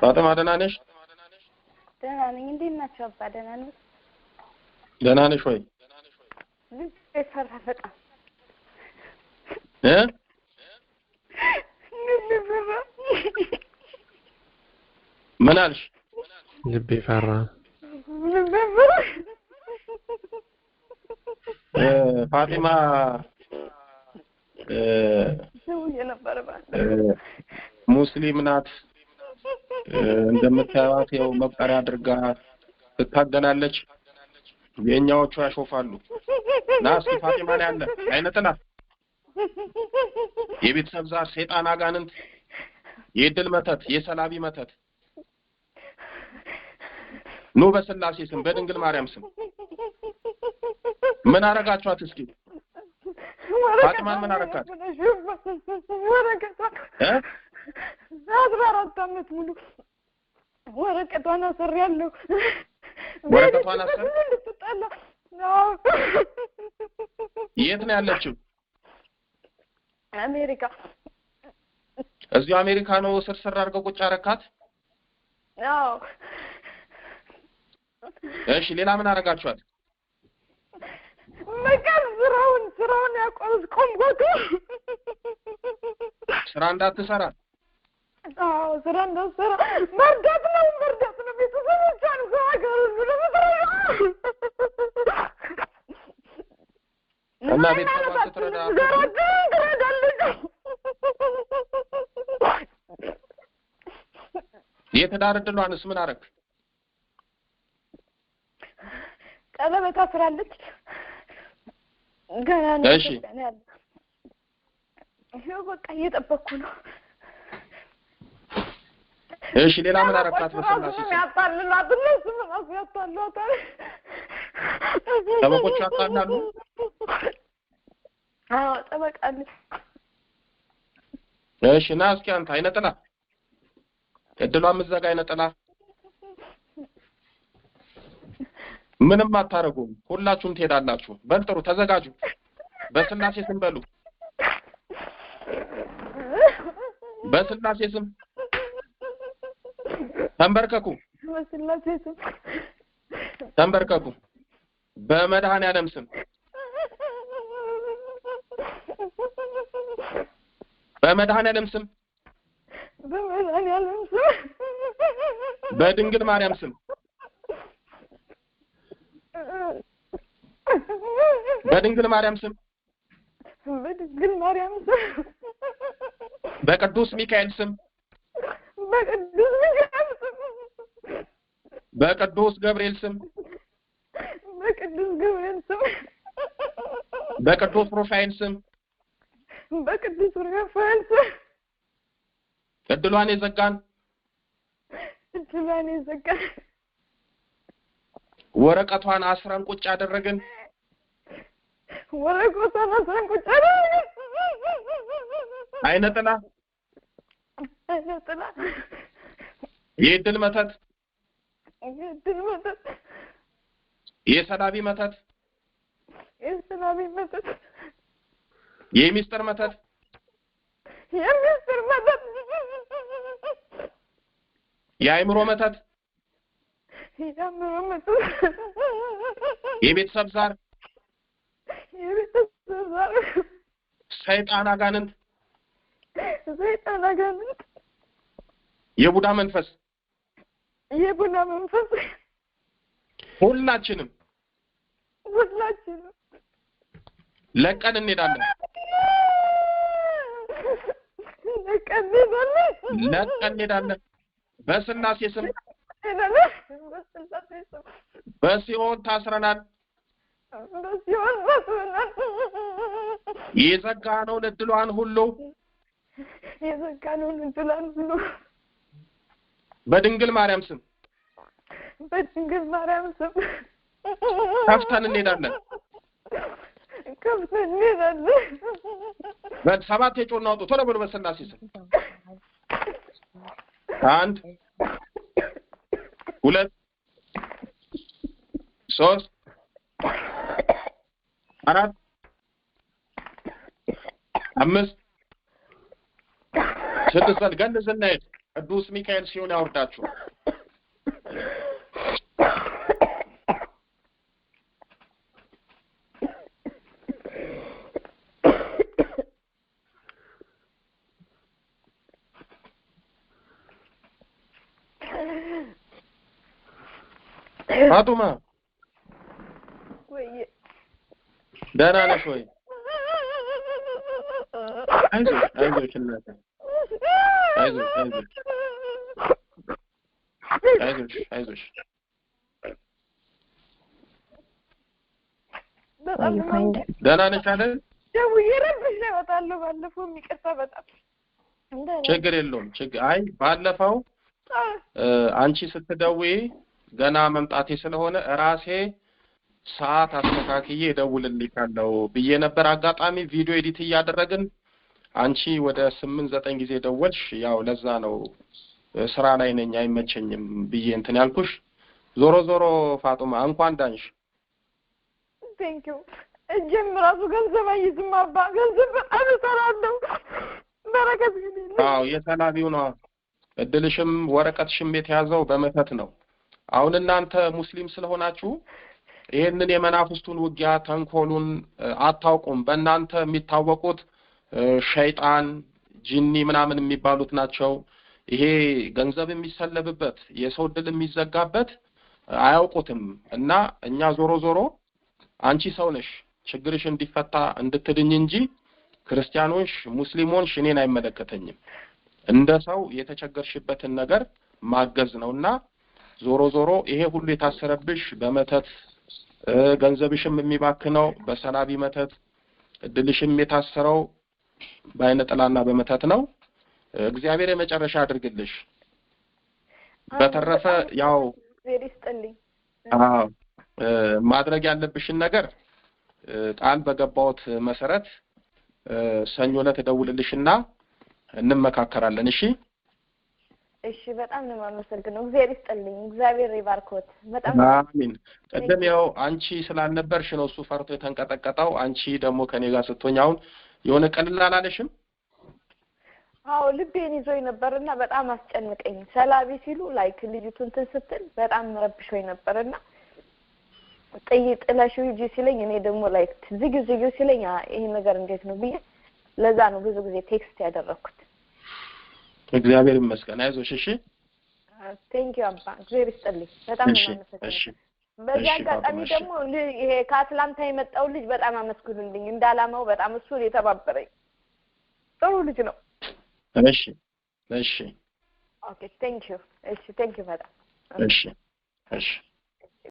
ፋጥማ ደህና ነሽ? ደህና ነኝ። እንዴት ናቸው አባ? ደህና ነሽ? ደህና ነሽ ወይ? ምን አልሽ? ልቤ ፈራ። ፋጢማ ሙስሊም ናት። እንደምታዩት ያው መቁጠሪያ አድርጋ ትታገናለች የእኛዎቹ ያሾፋሉ። ና እስኪ ፋጢማ ላይ አለ አይነጥላ የቤተሰብ ዛር፣ ሴጣን፣ አጋንንት፣ የድል መተት፣ የሰላቢ መተት ኑ በስላሴ ስም በድንግል ማርያም ስም ምን አረጋችኋት? እስኪ ፋጢማን ምን አረጋት? ወረቀቷ አስራ አራት አመት ሙሉ ወረቀቷን አስሬያለሁ። ወረቀቷን አስሬ ልትጣላ የት ነው ያለችው? አሜሪካ። እዚሁ አሜሪካ ነው ስር ስር አድርገው ቁጭ አረካት? አዎ። እሺ፣ ሌላ ምን አደርጋችኋል? መቃል ስራውን ስራውን ያቆምኩት ስራ እንዳትሰራ ስራ እንዳሰራ መርዳት ነው መርዳት ነው። ቤተሰቦቿን ትረዳለች። የትዳር ምን አደረግ? ቀለበት አስራለች። ገና ነው። እሺ፣ ይኸው በቃ እየጠበኩ ነው። እሺ ሌላ ምን አረካት? በስላሴ ያጣልሏት እነሱ ራሱ ያጣልሏታል። ጠበቆች ያጣላሉ። አዎ ጠበቃል። እሺ ና እስኪ አንተ አይነ ጥላ እድሏም እዛ ጋ ምንም አታረጉም። ሁላችሁም ትሄዳላችሁ። በልጥሩ ተዘጋጁ። በስላሴ ስም በሉ። በስላሴ ስም ተንበርከኩ ተንበርከኩ በመድሃን ያለም ስም በመድሃን ያለም ስም በመድሃን ያለም ስም በድንግል ማርያም ስም በድንግል ማርያም ስም በድንግል ማርያም ስም በቅዱስ ሚካኤል ስም በቅዱስ ሚካኤል በቅዱስ ገብርኤል ስም በቅዱስ ገብርኤል ስም በቅዱስ ሩፋኤል ስም በቅዱስ ሩፋኤል ስም እድሏን የዘጋን እድሏን የዘጋን ወረቀቷን አስረን ቁጭ አደረግን ወረቀቷን አስረን ቁጭ አደረግን አይነጥላ አይነጥላ የእድል መተት የሰላቢ መተት የሰላቢ መተት የሚስጥር መተት የሚስጥር መተት የአእምሮ መተት የአእምሮ መተት የቤተሰብ ዛር የቤተሰብ ዛር ሰይጣን አጋንንት ሰይጣን አጋንንት የቡዳ መንፈስ የቡና መንፈስ ሁላችንም ሁላችንም ለቀን እንሄዳለን። ለቀን እንሄዳለን። በስላሴ ስም በሲሆን ታስረናል። በሲሆን ታስረናል። የዘጋነውን እድሏን ሁሉ የዘጋነውን እድሏን ሁሉ በድንግል ማርያም ስም በድንግል ማርያም ስም ከፍተን እንሄዳለን ከፍተን እንሄዳለን። ሰባት የጮና አውጡ ቶሎ ብሎ በስላሴ ስም አንድ ሁለት ሶስት አራት አምስት ስድስት ገንዘብ እናሄድ ቅዱስ ሚካኤል ሲሆን ያውርዳችሁ። ፋጡማ ደህና ነሽ ወይ? አይዞሽ አይዞሽ እናቴ አይዞሽ አይዞሽ አይዞሽ ደህና ነሽ አይደል? ደውዬ እወጣለሁ። ባለፈው በጣም ችግር የለውም። ችግር አይ ባለፈው አንቺ ስትደውይ ገና መምጣቴ ስለሆነ ራሴ ሰዓት አስተካክዬ እደውልልሻለሁ ብዬ ነበር። አጋጣሚ ቪዲዮ ኤዲት እያደረግን አንቺ ወደ ስምንት ዘጠኝ ጊዜ ደወልሽ። ያው ለዛ ነው ስራ ላይ ነኝ አይመቸኝም ብዬ እንትን ያልኩሽ። ዞሮ ዞሮ ፋጡማ እንኳን ዳንሽ። ቴንኪው። እጄም ራሱ ገንዘብ አይዝም አባ፣ ገንዘብ በጣም እሰራለሁ። በረከት አዎ፣ የተላቢው ነው። እድልሽም ወረቀትሽም የተያዘው በመተት ነው። አሁን እናንተ ሙስሊም ስለሆናችሁ ይህንን የመናፍስቱን ውጊያ ተንኮሉን አታውቁም። በእናንተ የሚታወቁት ሸይጣን፣ ጂኒ ምናምን የሚባሉት ናቸው። ይሄ ገንዘብ የሚሰለብበት የሰው ድል የሚዘጋበት አያውቁትም። እና እኛ ዞሮ ዞሮ አንቺ ሰው ነሽ ችግርሽ እንዲፈታ እንድትድኝ እንጂ ክርስቲያኖች፣ ሙስሊሞች እኔን አይመለከተኝም። እንደ ሰው የተቸገርሽበትን ነገር ማገዝ ነው እና ዞሮ ዞሮ ይሄ ሁሉ የታሰረብሽ በመተት ገንዘብሽም የሚባክነው በሰላቢ መተት እድልሽም የታሰረው በአይነ ጥላና በመተት ነው። እግዚአብሔር የመጨረሻ አድርግልሽ። በተረፈ ያው አዎ ማድረግ ያለብሽን ነገር ቃል በገባሁት መሰረት ሰኞ ዕለት እደውልልሽና እንመካከራለን። እሺ እሺ በጣም ነው የማመሰግነው። እግዚአብሔር ይስጥልኝ። እግዚአብሔር ይባርኮት። በጣም አሚን። ቅድም ያው አንቺ ስላልነበርሽ ነው እሱ ፈርቶ የተንቀጠቀጠው። አንቺ ደግሞ ከኔ ጋር ስትሆኝ አሁን የሆነ ቀልል አላለሽም? አዎ ልቤን ይዞኝ ነበርና በጣም አስጨንቀኝ። ሰላቢ ሲሉ ላይክ ልጅቱ እንትን ስትል በጣም ረብሾኝ ነበርና ጥይ ጥለሽው ሂጂ ሲለኝ እኔ ደግሞ ላይክ ዝግ ዝግ ሲለኝ ይሄ ነገር እንዴት ነው ብዬ ለዛ ነው ብዙ ጊዜ ቴክስት ያደረኩት። እግዚአብሔር ይመስገን። አይዞሽ። እሺ ቴንክ ዩ አባ እግዚአብሔር ይስጥልኝ። በጣም አመሰግናለሁ። በዚህ አጋጣሚ ደግሞ ይሄ ከአትላንታ የመጣው ልጅ በጣም አመስግኑልኝ። እንዳላማው በጣም እሱ የተባበረኝ ጥሩ ልጅ ነው። እሺ እሺ ኦኬ ቴንክ እሺ ቴንክ ዩ በጣም እሺ እሺ